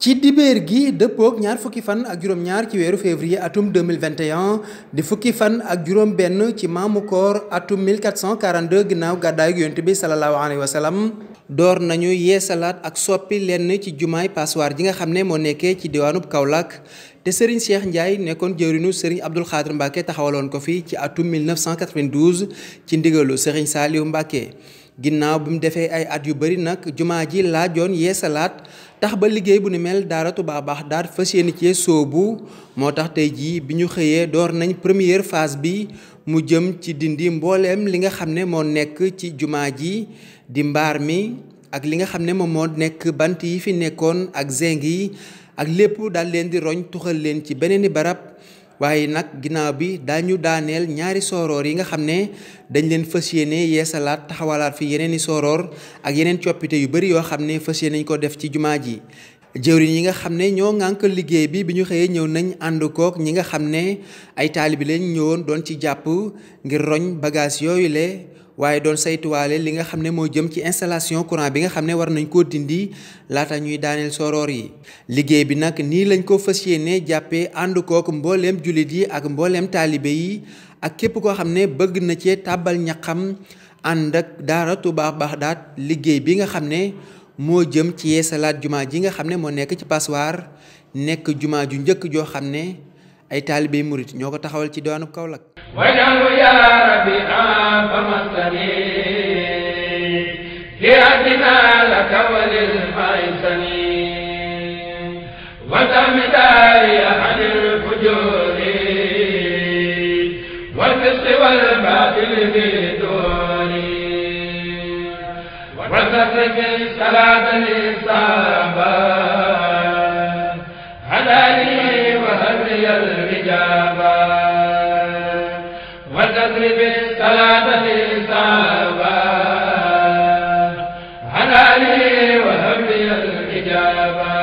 ci dibeer gi dëppook ñaar fukki fan ak juróom ñaar ci weeru février atum 2021 di fukki fan ak juróom benn ci maamu koor atum 1442 ginnaaw gàddaayu yonent bi salallaahu alayhi wa sallam door nañu yeesalaat ak soppi lenn ci jumaay passoire ji nga xam ne moo nekkee ci diwaanub Kaolack te Serigne Cheikh Ndiaye nekkoon jëwriñu Serigne Abdoul Khadr Mbacke taxawaloon ko fi ci atum 1992 ci ndigalu Serigne Saliou Mbacke ginnaaw bi mu defee ay at yu bëri nag jumaa ji laajoon yeesalaat tax ba liggéey bu ni mel daara baax Bagdad fas yéene cee soobu moo tax tey jii bi ñu xëyee door nañ première phase bi mu jëm ci dindi mbooleem li nga xam ne moo nekk ci jumaa ji di mbaar mi ak li nga xam ne moom moo nekk bant yi fi nekkoon ak zinc yi ak lépp daal leen di roñ tuxal leen ci beneen i barab waaye nag ginnaaw bi daañu daaneel ñaari sooroor yi nga xam ne dañu leen fas yéene yeesalaat taxawalaat fi yeneen i sooroor ak yeneen coppite yu bëri yoo xam ne fas yéene nañ ko def ci jumaa ji jëwriñ yi nga xam ne ñoo ngànk liggéey bi bi ñu xëyee ñëw nañu ànd kook ñi nga xam ne ay taalibi lañ ñëwoon doon ci jàpp ngir roñ bagage yooyu le waaye doon saytuwaale li nga xam ne moo jëm ci installation courant bi nga xam ne war nañ koo dindi laata ñuy daaneel soroor yi liggéey bi nag nii lañ koo fas ne jàppee ànd kook mbooleem jullit yi ak mbooleem taalibe yi ak képp koo xam ne bëgg na cee taabal ñaxam ànd ak daara Touba daat liggéey bi nga xam ne moo jëm ci yeesalaat jumaa ji nga xam ne moo nekk ci Passoire nekk jumaa ju njëkk joo xam ne ay taalibe murit ñoo ko taxawal ci doonu Kaolack الحميد لربنا لك وللمحسن وتم داري عن الفجور والفسق والباطل في دوني وتترك الصلاة الإصابة هداني وهدي الرجابة وتضرب الصلاة jaaba